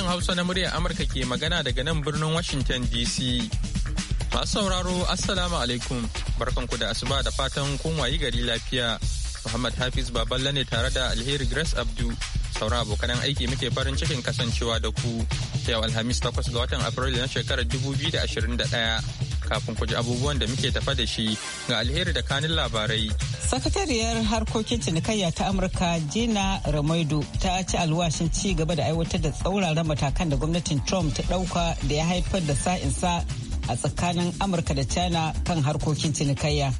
Sashen Hausa na muryar Amurka ke magana daga nan birnin Washington DC. Masu sauraro Assalamu alaikum barkanku da asuba da fatan kun wayi gari lafiya. Muhammad Hafiz Baballa ne tare da Alheri Grace Abdu sauran abokanan aiki muke farin cikin kasancewa da ku. Yau Alhamis takwas ga watan Afrilu na shekarar 2021. kafin ku ji abubuwan da muke tafa da shi ga alheri da kanin labarai. Sakatariyar harkokin cinikayya ta Amurka Gina ramaidu ta ci alwashin ci gaba da aiwatar da tsauraran matakan da gwamnatin Trump ta ɗauka da ya haifar da sa'insa a tsakanin Amurka da China kan harkokin cinikayya.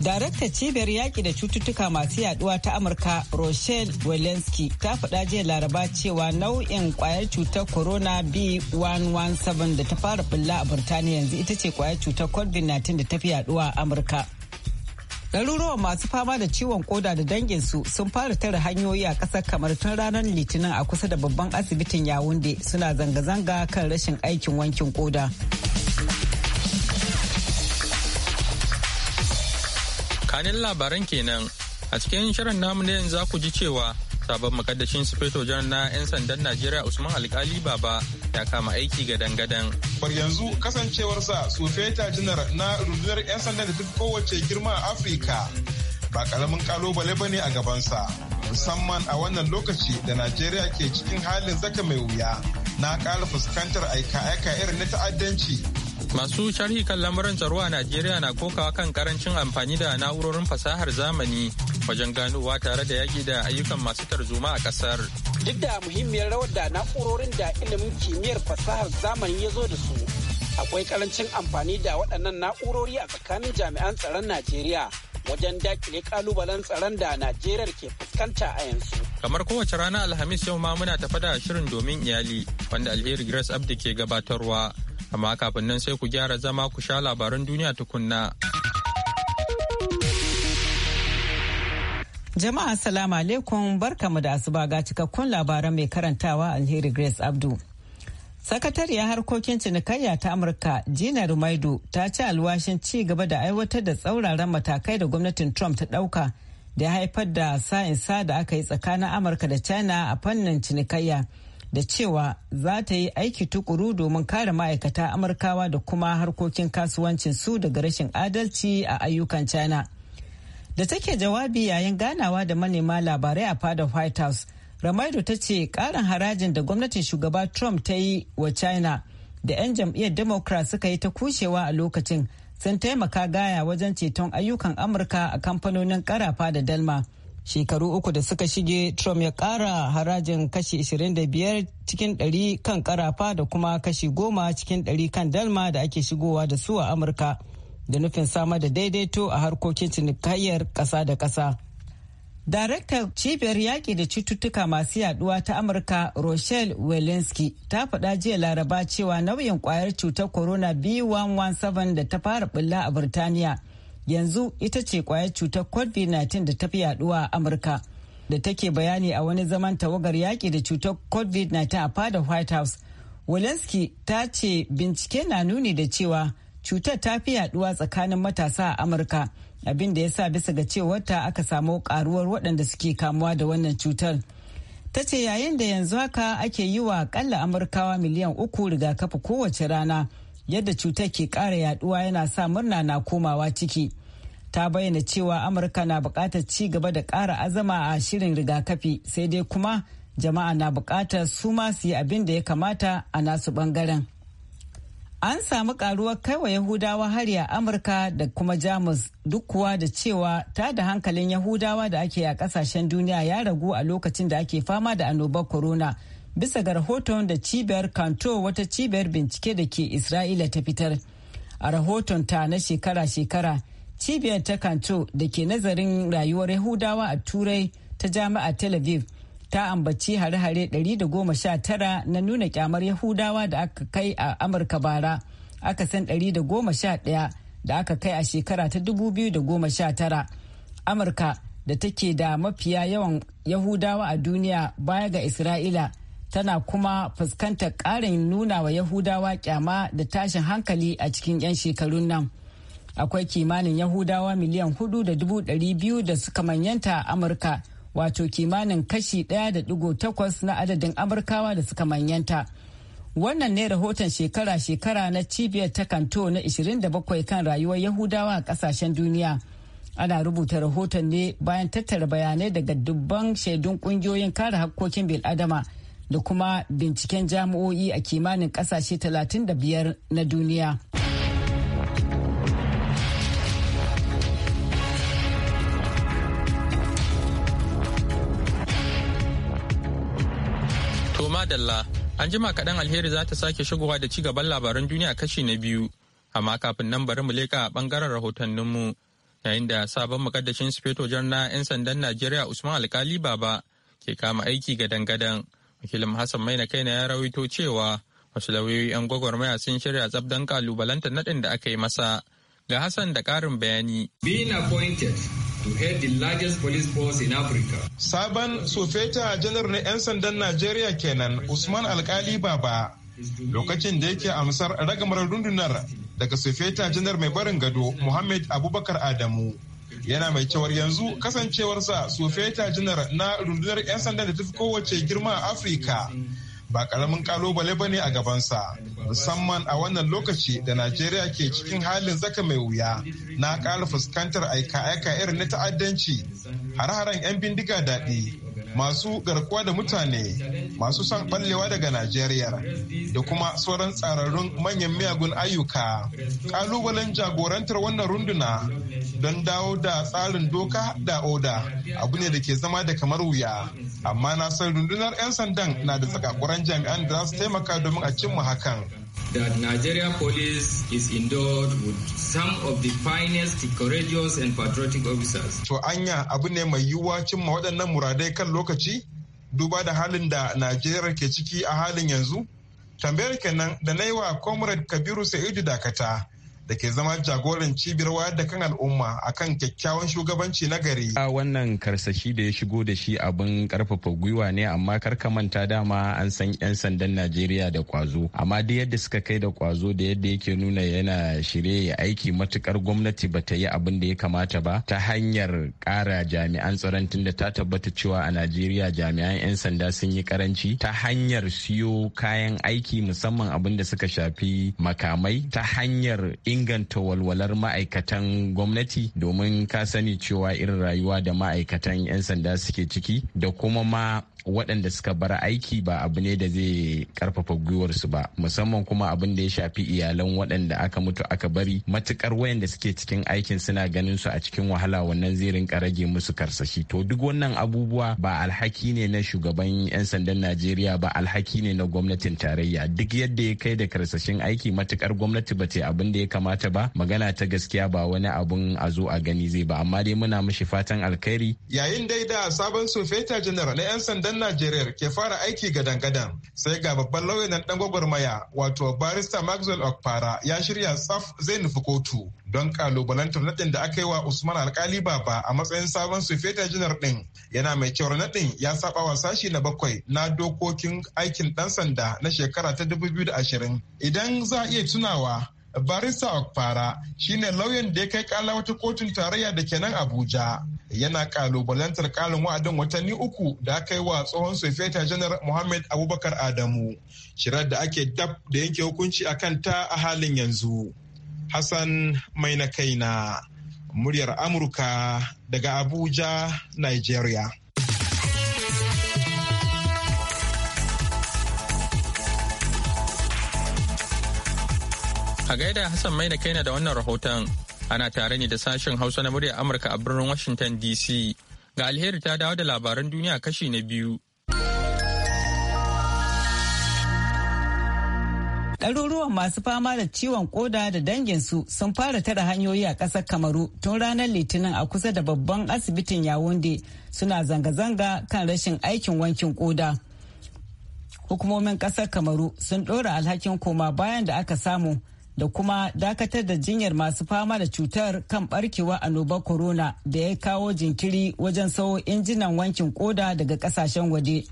Daraktar cibiyar yaƙi da cututtuka masu yaduwa ta Amurka Rochelle Walensky ta faɗa jiya laraba cewa nau'in kwayar cutar corona B117 da ta fara bulla a Burtaniya yanzu ita ce kwayar cutar COVID-19 da ta fi yaduwa a Amurka. Ɗaruruwan masu fama da ciwon koda da danginsu sun fara tare hanyoyi a ƙasar kamar tun ranar Litinin a kusa da babban asibitin Yawunde suna zanga-zanga kan rashin aikin wankin koda. tsakanin labaran kenan a cikin shirin namu na yanzu ku ji cewa sabon makaddashin sufeto janar na 'yan sandan najeriya usman alkali baba ya kama aiki ga dangadan bar yanzu kasancewarsa sufeta janar na rundunar 'yan sandan da duk kowace girma a afirka ba kalamin kalubale ba ne a gabansa musamman a wannan lokaci da najeriya ke cikin halin zaka mai wuya na kala fuskantar aika-aika irin na ta'addanci Masu sharhi kan lamuran tsaro a Najeriya na kokawa kan karancin amfani da na'urorin fasahar zamani wajen ganowa tare da yaƙi da ayyukan masu tarzoma a ƙasar. Duk da muhimmiyar rawar da na'urorin da ilimin kimiyyar fasahar zamani ya zo da su, akwai karancin amfani da waɗannan na'urori a tsakanin jami'an tsaron Najeriya wajen dakile kalubalen tsaron da Najeriya ke fuskanta a yanzu. Kamar kowace rana Alhamis yau ma muna tafa da shirin domin iyali wanda Alheri Grace Abdi ke gabatarwa. amma kafin nan sai ku gyara zama ku sha labaran duniya tukunna. Jama'a salamu alaikum barkamu da asuba ga cikakkun labaran mai karantawa alheri Grace Abdu. Sakatariyar harkokin cinikayya ta Amurka Gina Rumaidu ta ci alwashin ci gaba da aiwatar da tsauraran matakai da gwamnatin Trump ta ɗauka da ya haifar da sa'insa da aka yi tsakanin Amurka da China a fannin cinikayya. da cewa za ta yi aiki tukuru domin kare ma'aikata amurkawa da kuma harkokin kasuwancin su daga rashin adalci a ayyukan china da take jawabi yayin ganawa da manema labarai a fadar white house ramaido ta ce karin harajin da gwamnatin shugaba trump ta yi wa china da 'yan jam'iyyar democrat suka yi ta kushewa a lokacin sun taimaka gaya wajen ceton ayyukan amurka a kamfanonin karafa da dalma. shekaru uku da suka shige trump ya kara harajin kashi 25 cikin 100 kan karafa da kuma kashi 10 cikin 100 kan dalma da ake shigowa da su a amurka da nufin samar da daidaito a harkokin cinikayyar kasa da kasa Daraktar cibiyar yaƙi da cututtuka masu yaduwa ta Amurka Rochelle Walensky ta faɗa jiya laraba cewa nauyin kwayar cutar corona B117 da ta fara bulla a Birtaniya yanzu ita ce kwayar cutar covid-19 da ta fi yaduwa a amurka da take bayani a wani zaman tawagar yaƙi da cutar covid-19 a fadar white house walensky ta ce bincike na nuni da cewa cutar ta fi yaduwa tsakanin matasa a amurka abin da ya sa bisa ga cewarta aka samu karuwar waɗanda suke kamuwa da wannan cutar ta ce yayin da yanzu haka ake yi wa akalla amurkawa miliyan uku rigakafi kowace rana yadda cutar ke ƙara yaduwa yana sa murna na komawa ciki ta bayyana cewa amurka na buƙatar ci gaba da ƙara azama a shirin rigakafi sai dai kuma jama'a na buƙatar su ma su yi abin da ya kamata a nasu ɓangaren an samu karuwar kaiwa yahudawa hari a amurka da kuma jamus duk kuwa da cewa ta da hankalin yahudawa da ake a kasashen duniya ya ragu a lokacin da ake fama da annobar corona. bisa ga rahoton da cibiyar kanto wata cibiyar bincike da ke isra'ila ta fitar a rahoton ta na shekara-shekara cibiyar ta kanto da ke nazarin rayuwar yahudawa a turai ta jami'a tel aviv ta ambaci hare-hare 119 na nuna kyamar yahudawa da aka kai a amurka bara aka san 111 da aka kai a shekara ta 2019 amurka da take da mafiya yawan yahudawa a duniya baya ga isra'ila tana kuma fuskantar ƙarin nuna wa Yahudawa kyama da tashin hankali a cikin 'yan shekarun nan. Akwai kimanin Yahudawa miliyan hudu da dubu ɗari biyu da suka manyanta a Amurka, wato kimanin kashi ɗaya da ɗigo takwas na adadin Amurkawa da suka manyanta. Wannan ne rahoton shekara-shekara na cibiyar ta kanto na 27 kan rayuwar Yahudawa a ƙasashen duniya. ana rubuta rahoton ne bayan tattara bayanai daga dubban shaidun kungiyoyin kare hakkokin bil'adama da kuma binciken jami'o'i a kimanin kasashe 35 na duniya. Toma Dalla, an jima kaɗan alheri za ta sake shigowa da ci gaban labaran duniya kashi na biyu, amma kafin nan bari mu leƙa ɓangaren rahotanninmu yayin da sabon mukaddashin sufeto na 'yan sandan Najeriya Usman Alkali Baba ke kama aiki gadan-gadan. wakilin hassan maina kaina ya rawaito cewa wasu lauyoyi 'yan gwagwarmaya sun shirya tsabdan ƙalubalanta naɗin da aka yi masa ga hassan da ƙarin bayani being appointed to head the largest police force in Africa. Sabon Sofeta janar na 'yan sandan Najeriya kenan Usman Alkali Baba lokacin da yake amsar ragamar rundunar daga Sofeta janar mai barin gado Muhammad Abubakar Adamu. yana mai cewar yanzu kasancewarsa sufeta janar na rundunar 'yan sanda da tafi kowace girma a afirka ba karamin kalobale ba ne a gabansa musamman a wannan lokaci da najeriya ke cikin halin zaka mai wuya na ƙara fuskantar aika-aika irin na ta'addanci har-haren 'yan bindiga daɗi masu garkuwa da mutane masu son ɓallewa daga najeriya da kuma sauran tsararrun manyan miyagun ayyuka ƙalubalen jagorantar wannan runduna don dawo da tsarin doka da oda abu ne da ke zama da kamar wuya amma na san rundunar 'yan sandan na da tsakakuran jami'an da za su taimaka domin a cimma hakan that Nigeria police is endowed with some of the finest, courageous and patriotic officers. To anya abu ne mai yiwuwa cimma waɗannan muradai kan lokaci duba da halin da Najeriya ke ciki a halin yanzu? Tambayar kenan da na yi wa Comrade Kabiru Sa'idu Dakata da ke zama jagoran cibiyar wayar da kan al'umma a kan kyakkyawan shugabanci na gari. A wannan karsashi da ya shigo da shi abin karfafa gwiwa ne amma kar ka manta dama an san 'yan sandan Najeriya da kwazo. Amma duk yadda suka kai da kwazo da yadda yake nuna yana shirye ya aiki matukar gwamnati ba ta yi abin da ya kamata ba ta hanyar kara jami'an tsaron tunda ta tabbata cewa a Najeriya jami'an 'yan sanda sun yi karanci ta hanyar siyo kayan aiki musamman abin da suka shafi makamai ta hanyar in inganta walwalar ma'aikatan gwamnati domin ka sani cewa irin rayuwa da ma'aikatan 'yan sanda suke ciki da kuma ma waɗanda suka bar aiki ba abu ne da zai karfafa gwiwarsu ba musamman kuma abin da ya shafi iyalan waɗanda aka mutu aka bari matukar wayanda suke cikin aikin suna ganin su a cikin wahala wannan zai rinka rage musu karsashi to duk wannan abubuwa ba alhaki ne na shugaban 'yan sandan najeriya ba alhaki ne na gwamnatin tarayya duk yadda ya kai da karsashin aiki matukar gwamnati ba ta abin da ya kamata ba magana ta gaskiya ba wani abun a zo a gani zai ba amma dai muna mishi fatan alkhairi yayin dai da sabon sofeta general na 'yan sandan Najeriya ke fara aiki gadan-gadan. Sai ga babban lauyan nan dan gwagwarmaya wato barista Maxwell Okpara ya shirya tsaf zai nufi kotu don kalubalantar nadin da aka yi wa Usman Alkali Baba a matsayin sabon sufeta janar din. Yana mai cewar nadin ya saba wa sashi na bakwai na dokokin aikin dan sanda na shekara ta 2020. Idan za a iya tunawa barista okpara shine lauyan da ya kai kala wata kotun tarayya da kenan abuja yana kalubalantar kalin wa'adin watanni uku da aka yi wa tsohon sofeta janar muhammad abubakar adamu shirar da ake dab da yanke hukunci a kanta a halin yanzu hassan mai na kaina muryar amurka daga abuja nigeria A gaida Hassan Maina kaina da wannan rahoton ana tare ne da sashen Hausa na murya Amurka a birnin Washington DC. Ga alheri ta dawo da labaran duniya kashi na biyu. ɗaruruwan masu fama da ciwon koda da danginsu sun fara tara hanyoyi a ƙasar kamaru tun ranar litinin a kusa da babban asibitin yawunde suna zanga-zanga kan rashin aikin wankin koda hukumomin ƙasar kamaru sun ɗora alhakin koma bayan da aka samu da kuma dakatar da jinyar masu fama da cutar kan barkewa noba corona da ya kawo jinkiri wajen sayo injinan wankin koda daga kasashen waje.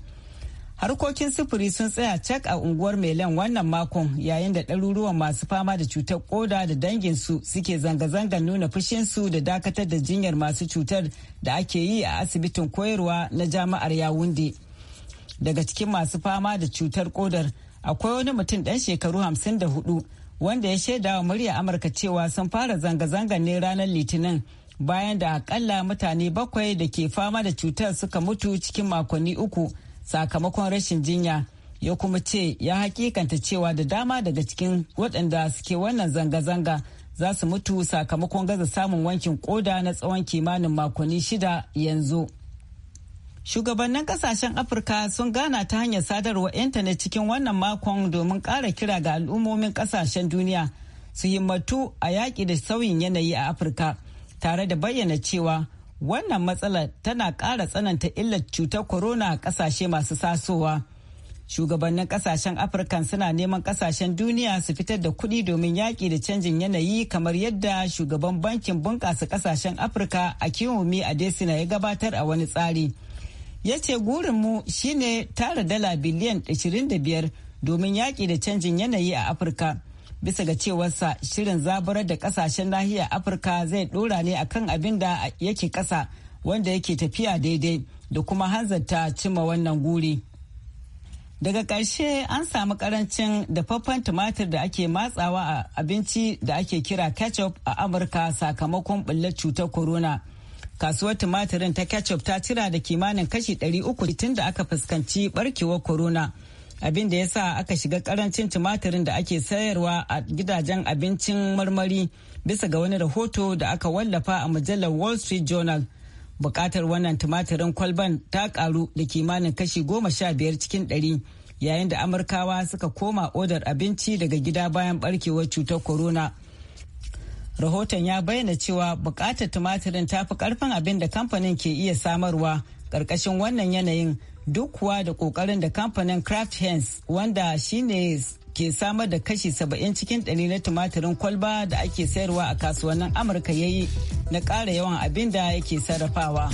Harkokin sufuri sun tsaya cak a unguwar Melen wannan makon yayin da ɗaruruwan masu fama da cutar koda da dangin su suke zanga-zangar nuna fushin su da dakatar da jinyar masu cutar da ake yi a asibitin koyarwa na jama'ar yawundi Daga cikin masu fama da cutar kodar akwai wani mutum ɗan shekaru hamsin da hudu wanda ya shaida wa murya amurka cewa sun fara zanga zanga ne ranar litinin bayan da akalla mutane bakwai da ke fama da cutar suka mutu cikin makonni uku sakamakon rashin jinya ya kuma ce ya hakikanta cewa da dama daga cikin waɗanda suke wannan zanga-zanga za su mutu sakamakon gaza samun wankin koda na tsawon kimanin makonni shida yanzu. Shugabannin kasashen Afirka sun gana ta hanyar sadarwa intanet cikin wannan makon domin ƙara kira ga al'ummomin kasashen duniya su himmatu a yaƙi da sauyin yanayi a Afirka tare da bayyana cewa wannan matsalar tana ƙara tsananta illar cutar corona a ƙasashe masu sasowa. Shugabannin ƙasashen Afirka suna neman ƙasashen duniya su fitar da kuɗi domin yaƙi da canjin yanayi kamar yadda shugaban bankin bunƙasa ƙasashen Afirka a Kiwumi a ya gabatar a wani tsari. ya ce mu shine tara dala biliyan 25 domin yaƙi da canjin yanayi a afirka bisa ga cewarsa shirin zabarar da kasashen nahiyar afirka zai dora ne akan abin da yake ƙasa wanda yake tafiya daidai da kuma hanzarta cima wannan guri daga ƙarshe an samu karancin dafaffen tumatir da ake matsawa a abinci da ake kira ketchup a amurka sakamakon ɓullar cutar corona kasuwar tumatirin ta ketchup ta cira da kimanin kashi 300 tun da aka fuskanci barkewar corona abin da ya sa aka shiga karancin tumatirin da ake sayarwa a gidajen abincin marmari bisa ga wani rahoto da aka wallafa a mujallar wall street journal bukatar wannan tumatirin kwalban ta karu da kimanin kashi goma sha biyar cikin ɗari yayin da amurkawa suka koma odar abinci daga gida bayan barkewar cutar corona. rahoton ya bayyana cewa bukatar tumatirin ta fi karfin abin da kamfanin ke iya samarwa karkashin wannan yanayin duk kuwa da kokarin da kamfanin craft hens wanda shine ke samar da kashi 70 cikin ɗari na tumatirin kwalba da ake sayarwa a kasuwannin amurka yayi na kara yawan abin da yake sarrafawa.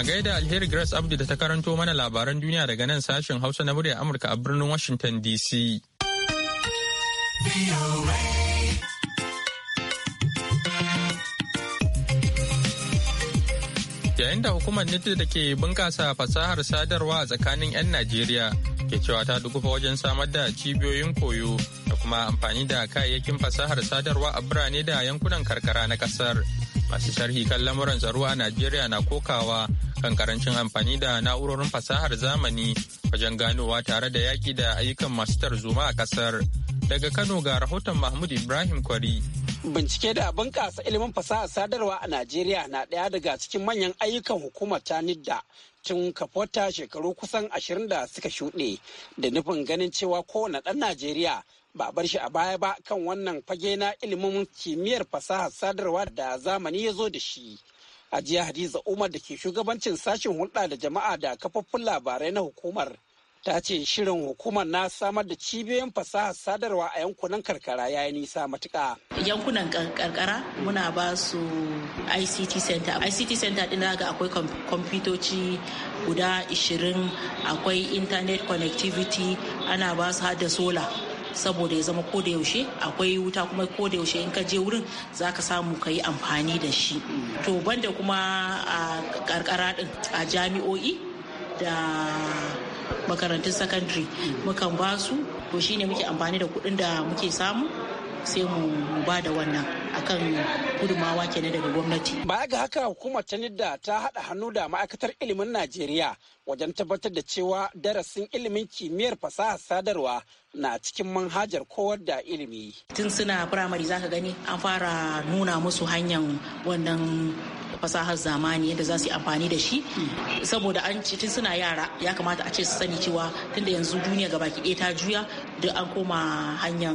A gaida Alheri Grace Abdu da ta karanto mana labaran duniya daga nan sashen Hausa na muryar Amurka a birnin Washington DC. Yayin da hukumar NIT da ke bunkasa fasahar sadarwa a tsakanin 'yan Najeriya ke cewa ta dukufa wajen samar da cibiyoyin koyo da kuma amfani da kayayyakin fasahar sadarwa a birane da yankunan karkara na kasar. masu sharhi kan lamuran tsaro a Najeriya na kokawa kan karancin amfani da na'urorin fasahar zamani wajen ganowa tare da yaƙi da ayyukan masu tarzoma a ƙasar. Daga Kano ga rahoton Mahmud Ibrahim Kwari. Bincike da bunƙasa ilimin fasahar sadarwa a Najeriya na ɗaya daga cikin manyan ayyukan hukumar ta NIDDA tun kafota shekaru kusan ashirin da suka shuɗe da nufin ganin cewa kowane ɗan Najeriya ba bar shi a baya ba kan wannan fage na ilimin kimiyyar fasahar sadarwa da zamani ya zo da shi. A jiya Hadiza Umar da ke shugabancin sashen hulɗa da jama'a da kafaffun labarai na hukumar ta ce shirin hukumar na samar da cibiyoyin fasahar sadarwa a yankunan karkara ya yi nisa matuka. yankunan karkara muna ba su ict center ict center din ga akwai kwamfutoci guda 20 akwai internet connectivity ana ba su hada sola saboda ya zama koda yaushe akwai wuta kuma koda yaushe in ka je wurin za ka samu ka yi amfani da shi to banda kuma a karkara din a jami'o'i da makarantun sakandare mukan ba su to shine muke amfani da kuɗin da muke samu sai mu ba da wannan akan gudumawa kenan daga gwamnati. Baya ga haka hukumar ta nidda ta haɗa hannu da ma'aikatar ilimin Najeriya wajen tabbatar da cewa darasin ilimin kimiyyar fasaha sadarwa na cikin manhajar kowar da ilimi. Tun suna firamare zaka gani an fara nuna musu hanyar wannan fasahar zamani yadda za su yi amfani da shi saboda an ce tun suna yara ya kamata a ce su sani cewa tunda yanzu duniya gabaki ɗaya ta juya duk an koma hanyar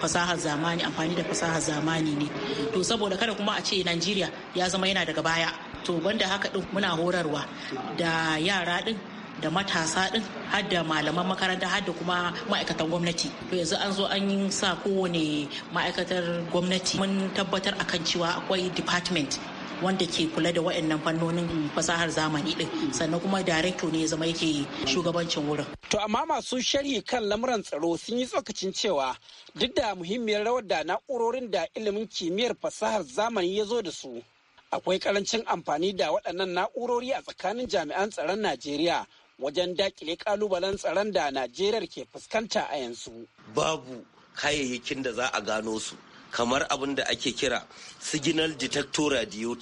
fasahar zamani amfani da fasahar zamani ne to saboda kada kuma a ce najeriya ya zama yana daga baya to banda haka din muna horarwa da yara din da matasa din har da malaman makaranta har da kuma ma'aikatan gwamnati to yanzu an zo an yi sa kowane ma'aikatar gwamnati mun tabbatar akan cewa akwai department wanda ke kula da waɗannan fannonin fasahar zamani din sannan kuma director ne ya zama yake shugabancin wurin. To amma masu sharhi kan lamuran tsaro sun yi tsokacin cewa duk da muhimmiyar rawar da na'urorin da ilimin kimiyyar fasahar zamani ya zo da su. Akwai karancin amfani da waɗannan na'urori a tsakanin jami'an tsaron Najeriya wajen dakile kalubalen tsaron da Najeriya ke fuskanta a yanzu. Babu kayayyakin da za a gano su. kamar abin da ake kira signal detector radio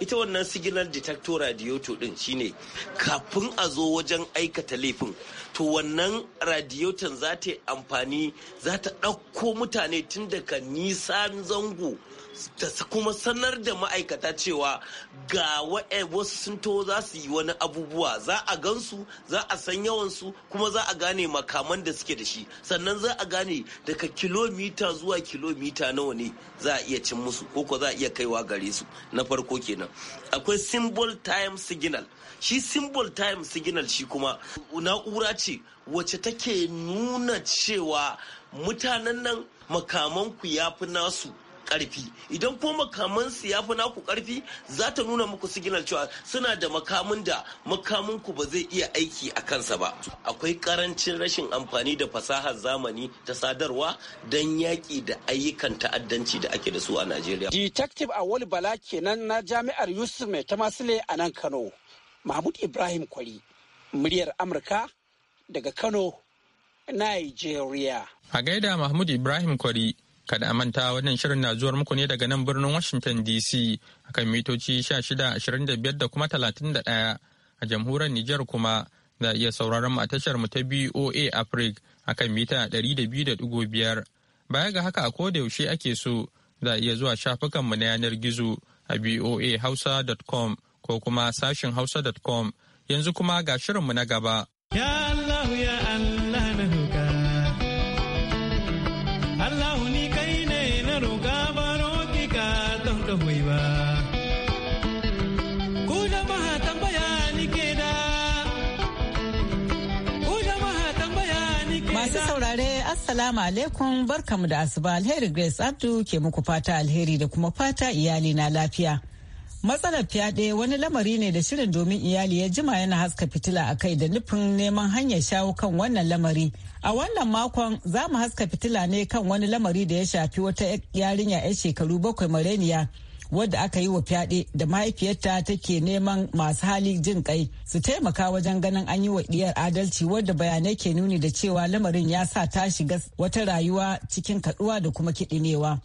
ita wannan signal detector radio din shine kafin a zo wajen aikata laifin to wannan radioton za ta yi amfani za ta ɗauko mutane tun daga nisan zango da kuma sanar da ma'aikata cewa ga wasu sun to za su yi wani abubuwa za a gansu za a san yawansu kuma za a gane makaman da suke da shi sannan za a gane daga kilomita zuwa kilomita nawa ne za a iya cin musu ko za a iya kaiwa gare su na farko kenan akwai symbol time signal shi symbol time signal shi kuma na'ura ce wacce take nuna cewa mutanen nan makamanku ya fi nasu karfi idan ko makamansu ya fi naku karfi za ta nuna muku signal cewa suna da makamin da ku ba zai iya aiki a kansa ba akwai karancin rashin amfani da fasahar zamani ta sadarwa don yaƙi da ayyukan ta'addanci da ake da su a najeriya detective awali bala kenan na jami'ar yusuf mai ta tamasile a nan kano mahmud ibrahim kwari muryar amurka daga kano nigeria a gaida mahmud ibrahim kwari Kada a manta wannan shirin na zuwar muku ne daga nan birnin Washington DC akan mitoci 1625 da kuma 31 a jamhuriyar Nijar kuma za iya sauraron mu a tashar mu ta BOA Africa kan mita 200.5. Baya ga haka a koda yaushe ake so za iya zuwa shafukan mu na yanar gizo a boahausa.com ko kuma sashin hausa.com yanzu kuma ga shirin mu na gaba. Ya Allah ya Assalamu alaikum barkamu da asuba alheri Grace Abdu ke muku fata alheri da kuma fata iyali na lafiya. Matsalar fyaɗe wani lamari ne da shirin domin iyali ya jima yana haska fitila a kai da nufin neman hanyar shawo kan wannan lamari. A wannan makon za mu haska fitila ne kan wani lamari da ya shafi wata yarinya 'yar shekaru bakwai mareniya wadda aka yi wa fyaɗe da mahaifiyarta take neman masu hali jin kai su taimaka wajen ganin an yi wa ɗiyar adalci wadda bayanai ke nuni da cewa lamarin ya sa ta shiga wata rayuwa cikin kaduwa da kuma kiɗinewa.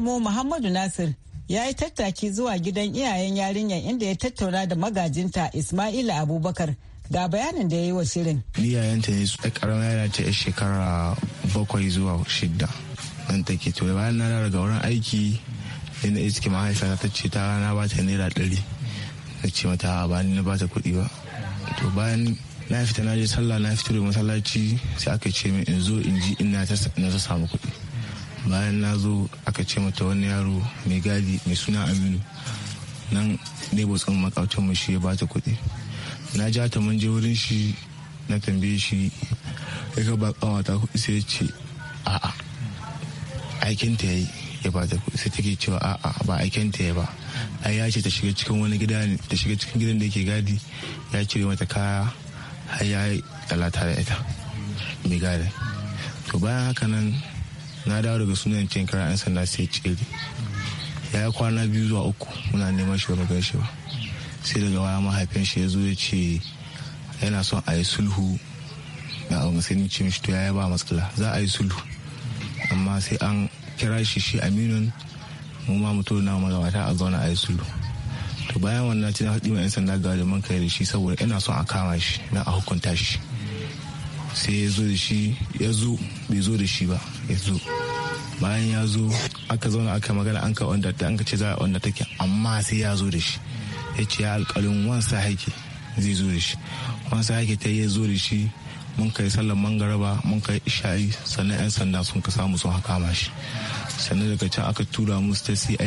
mu Muhammadu Nasir ya yi tattaki zuwa gidan iyayen yarinyar inda ya tattauna da magajinta Ismaila Abubakar. ga bayanin da ya yi wa shirin. Ni ne karama yana ta shekara bakwai zuwa shidda. Nan take to bayan na daga wurin aiki na iske mahaifa ta ce ta rana ba ta naira ɗari na ce mata ba ni na ba ta kuɗi ba to bayan na fita na je sallah na fito da masallaci sai aka ce min in zo in ji ina ta samu kuɗi bayan na zo aka ce mata wani yaro mai gadi mai suna aminu nan ne botsin makautan mu shi ya bata kuɗi na ja ta mun je wurin shi na tambaye shi ya ka ba kawata kuɗi sai ya ce a'a aikinta ya yi. ya ba ta sai take cewa a'a ba aikin ta ya ba ai ya ce ta shiga cikin wani gida ne ta shiga cikin gidan da yake gadi ya cire mata kaya har ya yi talata da ita mai gadi to bayan haka nan na dawo daga sunan cin kara an sanda sai cire ya yi kwana biyu zuwa uku muna neman shi ba gan shi ba sai daga waya mahaifin shi ya zo ya ce yana son a yi sulhu da abu musulunci shi to ya ba matsala za a yi sulhu amma sai an kira shi shi aminun mu ma mutu na magabata a zauna a yi sulhu to bayan wannan ce na haɗi ma 'yan sanda ga wajen kai da shi saboda ina son a kama shi na a hukunta shi sai ya zo da shi ya zo bai zo da shi ba ya zo bayan ya zo aka zauna aka magana an ka wanda an ka ce za a wanda take amma sai ya zo da shi ya ce ya alƙalin wansa haike zai zo da shi wansa haike ta yi ya zo da shi mun kai sallar mangaraba mun kai isha'i sannan 'yan sanda sun ka samu sun haka shi sannan daga can aka tura mu ta cid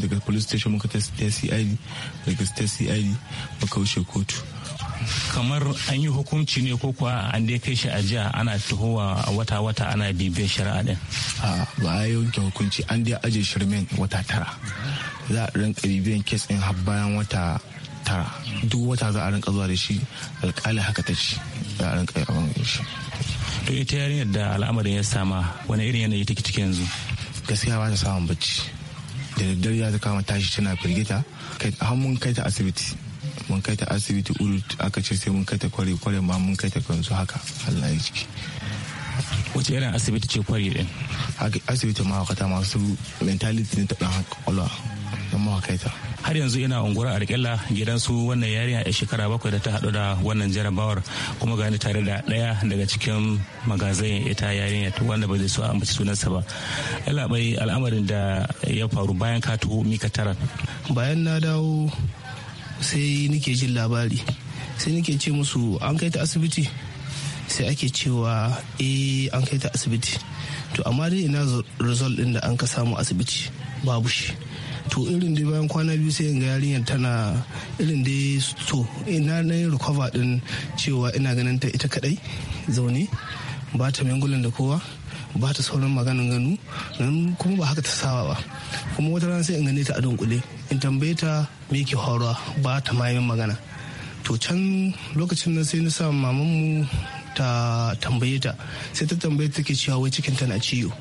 daga police station muka ta cid daga ta cid muka wuce kotu kamar an yi hukunci ne ko kuwa an dai kai shi a jiya ana tuhowa wata-wata ana bibiyar shari'a din a ba a wanke hukunci an dai aje shirmen wata tara za a rinka bibiyan kes in har bayan wata tara duk wata za a rinka zuwa da shi alkali haka ta ci za a rinka yawan shi to ita yarinyar da al'amarin ya sama wani irin yanayi take ciki yanzu gaskiya ba ta samun bacci da daddare za ta kama tashi tana firgita har mun kai ta asibiti mun kai ta asibiti urut aka ce sai mun kai ta kwari kwari ma mun kai ta su haka Allah ya ciki wace irin asibiti ce kwari din asibiti ma wakata masu mentality ne ta dan haka kwalwa don mawakaita har yanzu ina unguwar arkella gidan su wannan yarinya a shekara bakwai da ta haɗu da wannan jarabawar kuma gani tare da ɗaya daga cikin magazin ita yarinya wanda ba zai so a ambaci sunansa ba bai al'amarin da ya faru bayan ka tuho mika tara bayan na dawo sai nake jin labari sai nake ce musu an kai ta asibiti sai ake cewa eh an kai ta asibiti to amma dai ina result din da an ka samu asibiti babu shi to irin da bayan kwana biyu sai ga yarinyar tana irin dai to ina eh, na yi recover din cewa ina ganin ta ita kadai zaune ba ta mingulan da kowa ba ta sauran maganin ganu nan kuma ba haka ta saba ba kuma wata rana sai in gane ta a dunkule in tambaye ta me ke horo ba ta mayin magana to can lokacin nan sai na sa maman mu ta tambaye ta sai ta tambaye ta ke cewa wai cikin tana ciwo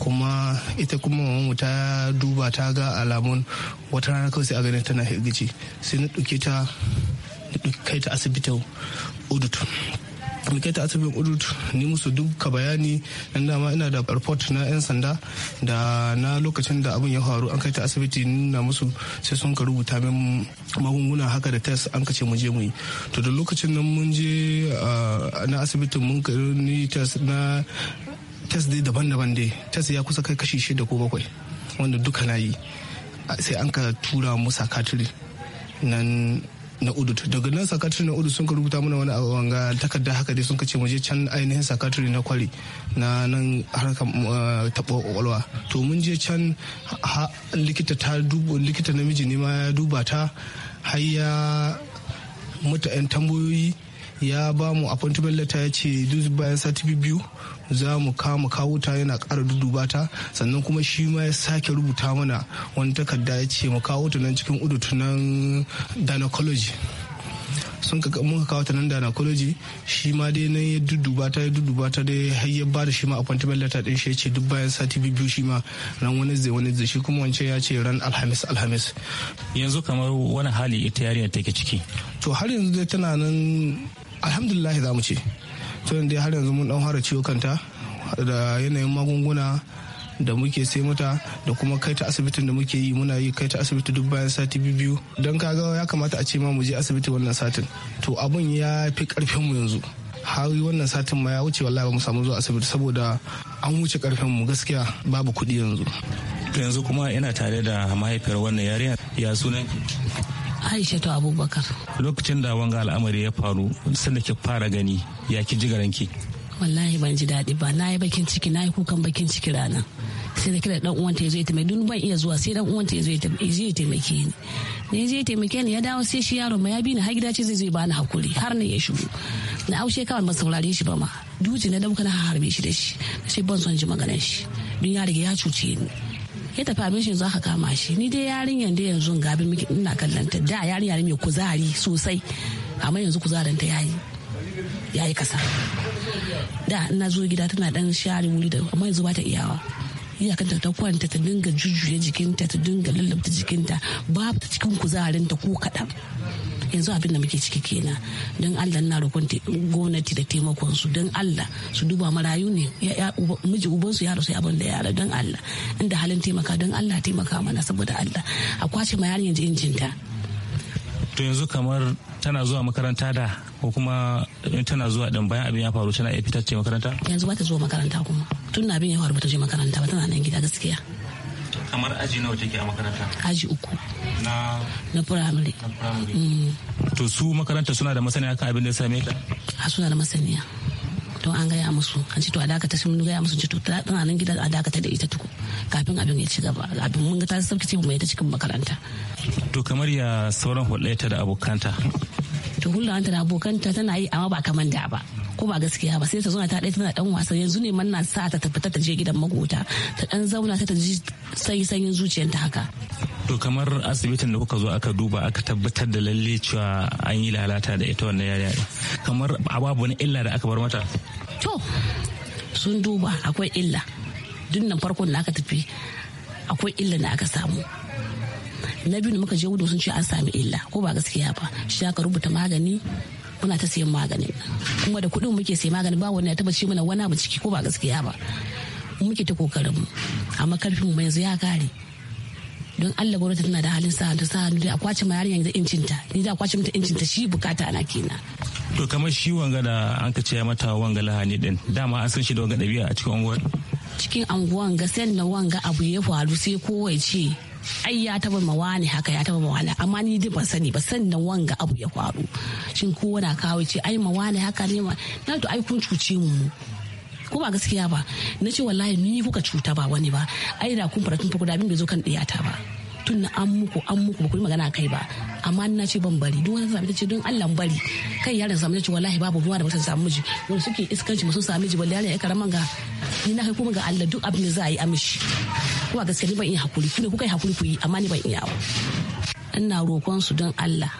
kuma ita kuma mamu ta duba ta ga alamun wata rana kawai sai a ganin tana hirgici sai na ɗauke ta kai ta asibitin udutun kai ta asibin udut ni musu duka bayani nan dama ina da report na yan sanda da na lokacin da abin ya faru an kai ta asibiti nuna musu sai sun ka rubuta min magunguna haka da test an ka ce mu je mu yi to da lokacin nan mun je ah, na asibitin mun ka ni test na test dai daban-daban dai test ya kusa kai kashi shida ko bakwai wanda duka na yi sai an ka tura mu sakatiri nan na udu daga nan sakatare na udu sun ka rubuta mana wani wanga takarda haka dai sun ka ce mu je can ainihin sakatari na kwari na nan harkar eh, taɓa kwakwalwa to mun je can likita ta dubo likita namiji ne ma ya duba ta har ya mata 'yan tambayoyi ya ba mu appointment letter ya ce duk bayan sati biyu za mu kama kawo ta yana ƙara duduba ta sannan kuma shi ma ya sake rubuta mana wani takarda ya ce mu kawo ta nan cikin udutu nan gynecology sun ka muka kawo ta nan da gynecology shi ma dai nan ya dudduba ta ya dudduba ta dai har ya bada shi ma appointment letter din shi ya ce duk bayan sati biyu shi ma ran wani zai wani zai shi kuma wancan ya ce ran alhamis alhamis yanzu kamar wani hali ita yarinya take ciki to har yanzu dai tana nan alhamdulillah za mu ce to dai har yanzu mun dan fara ciwo kanta da yanayin magunguna da muke sai mata da kuma kai ta asibitin da muke yi muna yi kai ta asibiti duk bayan sati biyu don kaga ya kamata a ce ma mu je asibiti wannan satin to abun ya fi karfin mu yanzu har wannan satin ma ya wuce wallahi ba mu samu zuwa asibiti saboda an wuce karfin mu gaskiya babu kuɗi yanzu yanzu kuma ina tare da mahaifiyar wannan yarinya ya sunan Aisha ta Abubakar. Lokacin da wanga al'amari ya faru sanda ki fara gani ya ki ji garanki. Wallahi ban ji daɗi ba na yi bakin ciki na yi kukan bakin ciki rana. sai da kira dan uwanta ya zo ya taimake duk ban iya zuwa sai dan uwanta ya zo ya taimake ni ne zai taimake ni ya dawo sai shi yaron ma ya bi ni har gida ce zai zo ba bani hakuri har ne ya shigo na aushe kawai ban saurare shi ba ma duji na dauka na harbe shi da shi sai ban son ji maganar shi dun ya riga ya cuce ni ya tafi abin shi za ka kama shi ni dai yarinyar da yanzu gabi miki ina kallon ta da yarinya ne mai kuzari sosai amma yanzu kuzarin ta yayi yayi kasa da ina zo gida tana dan share wuri da amma yanzu ba ta iyawa iyakanta ta kwanta ta dinga jujjuya jikinta ta dinga lallabta jikinta babu ta cikin kuzarin ta ko kaɗan yanzu abin da muke ciki kenan don allah na roƙon gwamnati da taimakon su don allah su duba marayu ne miji uban su yaro sai abin da yara don allah inda halin taimaka don allah taimaka mana saboda allah a kwace ma injin ta to yanzu kamar tana zuwa makaranta da ko kuma tana zuwa dan bayan abin ya faru tana iya fitar ce makaranta yanzu ba ta zuwa makaranta kuma tun abin ya faru ba ta je makaranta ba tana nan gida gaskiya kamar aji nawa take a makaranta aji uku na firamare mm. to su makaranta suna da masaniya kan abin da ya same ka a suna da masaniya to an gaya musu an ce to a dakata sun gaya musu ce to tana nan gida a dakata da ita tuku kafin abin ya ci gaba abin mun ga ta sauki ce mai ta cikin makaranta to kamar ya sauran ta da abokanta to ta da abokanta tana yi amma ba kaman da ba ko ba gaskiya ba sai ta zauna ta ɗaya tana ɗan wasa yanzu ne manna sa ta tafi ta je gidan magota ta ɗan zauna ta ji sanyi sanyin zuciyarta haka to kamar asibitin da kuka zo aka duba aka tabbatar da lalle cewa an yi lalata da ita wannan yare kamar babu wani illa da aka bar mata to sun duba akwai illa duk nan farkon da aka tafi akwai illa da aka samu na biyu da muka je wudu sun ce an sami illa ko ba gaskiya ba shi aka rubuta magani muna ta sayan magani kuma da kuɗin muke sayan magani ba wani ya taba ce mana wani abu ciki ko ba gaskiya ba muke ta kokarin amma karfin mu yanzu ya kare don Allah gwamnati tana da halin sa hannu sa hannu da a kwace ma yarinya da incinta ni da a kwace mata incinta shi bukata ana kenan to kamar shi wanga da an ka ce mata wanga lahani din dama an san shi da wanga dabi'a a cikin unguwar cikin unguwar ga sen na wanga abu ya faru sai kowa ce ai ya taba mawa ne haka ya taba mawa ne amma ni dai ban sani ba sannan wanga abu ya faru shin kowa na kawo ce ai mawa ne haka ne ma na to ai kun cuce mu ko ba gaskiya ba na ce wallahi ni kuka cuta ba wani ba ai da kun fara tun farko da abin bai zo kan ɗiyata ba tun na an muku an muku ba ku yi magana kai ba amma na ce ban bari duk wani sami ta ce don Allah bari kai yaron samu ce wallahi babu ruwa da ba samu miji wani suke iskanci masu sami miji balle yaron ya karaman ga ni na kai kuma ga Allah duk abin da za a yi amishi ko ba gaskiya ni ban iya hakuri kuma kuka yi hakuri ku yi amma ni ban iya ba ina roƙon su don Allah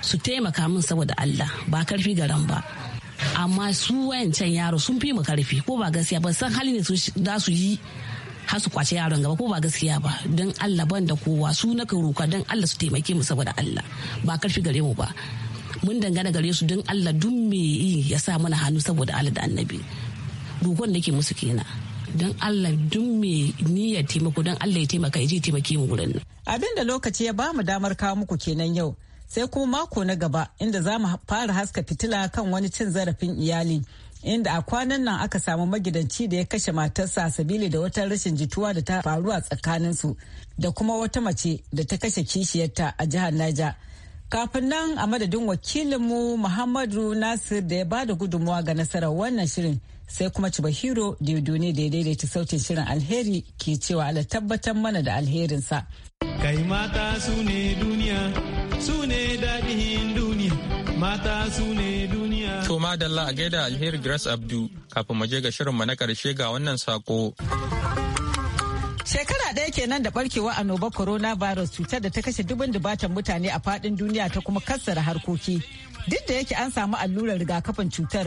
su taimaka min saboda Allah ba karfi garan ba amma su wayancan yaro sun fi mu karfi ko ba gaskiya ba san hali ne za su yi har su kwace yaron gaba ko ba gaskiya ba don Allah ban da kowa su na kan roka don Allah su taimake mu saboda Allah ba karfi gare mu ba mun dangana gare su don Allah duk me yi ya sa mana hannu saboda Allah da annabi roƙon da ke musu kenan don Allah duk me niyyar taimako don Allah ya taimaka ya je taimake mu wurin nan abin da lokaci ya bamu damar kawo muku kenan yau sai kuma mako na gaba inda za mu fara haska fitila kan wani cin zarafin iyali inda a kwanan nan aka samu magidanci da ya kashe matarsa sabili da wata rashin jituwa da ta faru a tsakaninsu da kuma wata mace da ta kashe kishiyarta a jihar Naja. Kafin nan a madadin wakilinmu Muhammadu Nasir da ya ba da gudunmuwa ga nasarar wannan shirin sai kuma Cibahiro Diodone da ya daidaita sautin shirin alheri ke cewa ala tabbatar mana da alherinsa. Kai mata su ne duniya su ne daɗin duniya mata su ne duniya. To madalla a gaida alheri Grace Abdu kafin mu je ga mu na karshe ga wannan sako. Shekara ɗaya kenan da barkewa annoba coronavirus cutar da ta kashe dubin dubatan mutane a faɗin duniya ta kuma kassara harkoki. Duk da yake an samu allurar rigakafin cutar,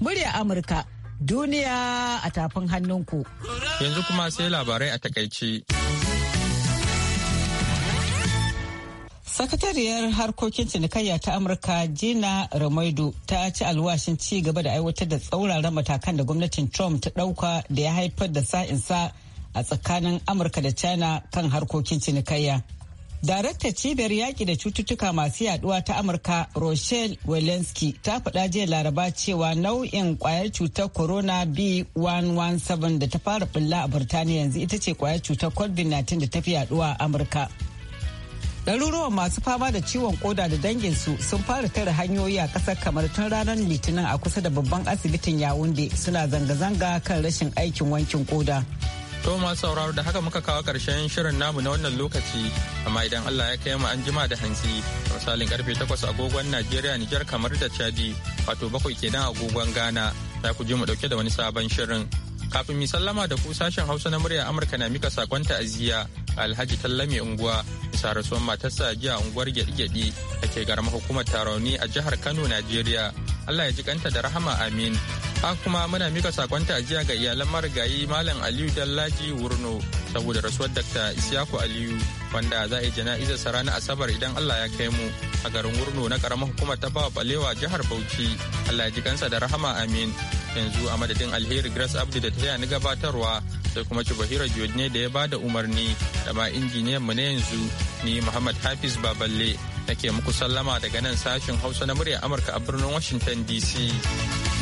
murya Amurka duniya a tafin hannunku. Yanzu kuma sai labarai a takaice. Sakatariyar harkokin cinikayya ta Amurka Gina ramaidu ta ci alwashin ci gaba da aiwatar da tsauraran matakan da gwamnatin Trump ta ɗauka da ya haifar da sa'insa a tsakanin Amurka da China kan harkokin cinikayya. Daraktar cibiyar yaƙi da cututtuka masu yaduwa ta Amurka Rochelle Walensky ta faɗa jiya laraba cewa nau'in ƙwayar cutar corona B117 da ta fara bulla a Burtaniya yanzu ita ce ƙwayar cutar COVID-19 da ta fi yaduwa a Amurka. Ɗaruruwan masu fama da ciwon koda da danginsu sun fara tare hanyoyi a ƙasar kamar tun ranar Litinin a kusa da babban asibitin Yawunde suna zanga-zanga kan rashin aikin wankin koda. To masu sauraro da haka muka kawo karshen shirin namu na wannan lokaci amma idan Allah ya kai mu an jima da hantsi misalin karfe 8 agogon Najeriya Nijar kamar da Chadi wato bakwai kenan agogon Ghana za ku je mu dauke da wani sabon shirin kafin mi sallama da ku sashen Hausa na murya Amurka na mika sakon ta'aziyya Alhaji Tallame unguwa bisa rasuwar matarsa jiya unguwar gyaɗi-gyaɗi da ke garma hukumar tarauni a jihar Kano Najeriya Allah ya ji kanta da rahama amin An kuma muna mika sakon ajiya ga iyalan marigayi Malam Aliyu Dallaji Wurno saboda rasuwar Dr. Isiyaku Aliyu wanda za a yi jana'izar sa ranar Asabar idan Allah ya kai mu a garin Wurno na karamar hukumar ta bawa Balewa jihar Bauchi. Allah ya ji kansa da rahama amin. Yanzu a madadin Alheri Grace Abdu da ta ni gabatarwa sai kuma Bahira ne da ya ba da umarni da ma injiniyan mu na yanzu ni Muhammad Hafiz Baballe ke muku sallama daga nan sashin Hausa na murya Amurka a birnin Washington DC.